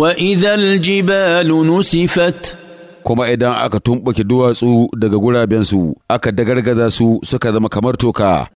وإذا الجبال نسفت kuma idan aka tumɓuke duwatsu daga gurabensu aka dagargaza su suka zama kamar toka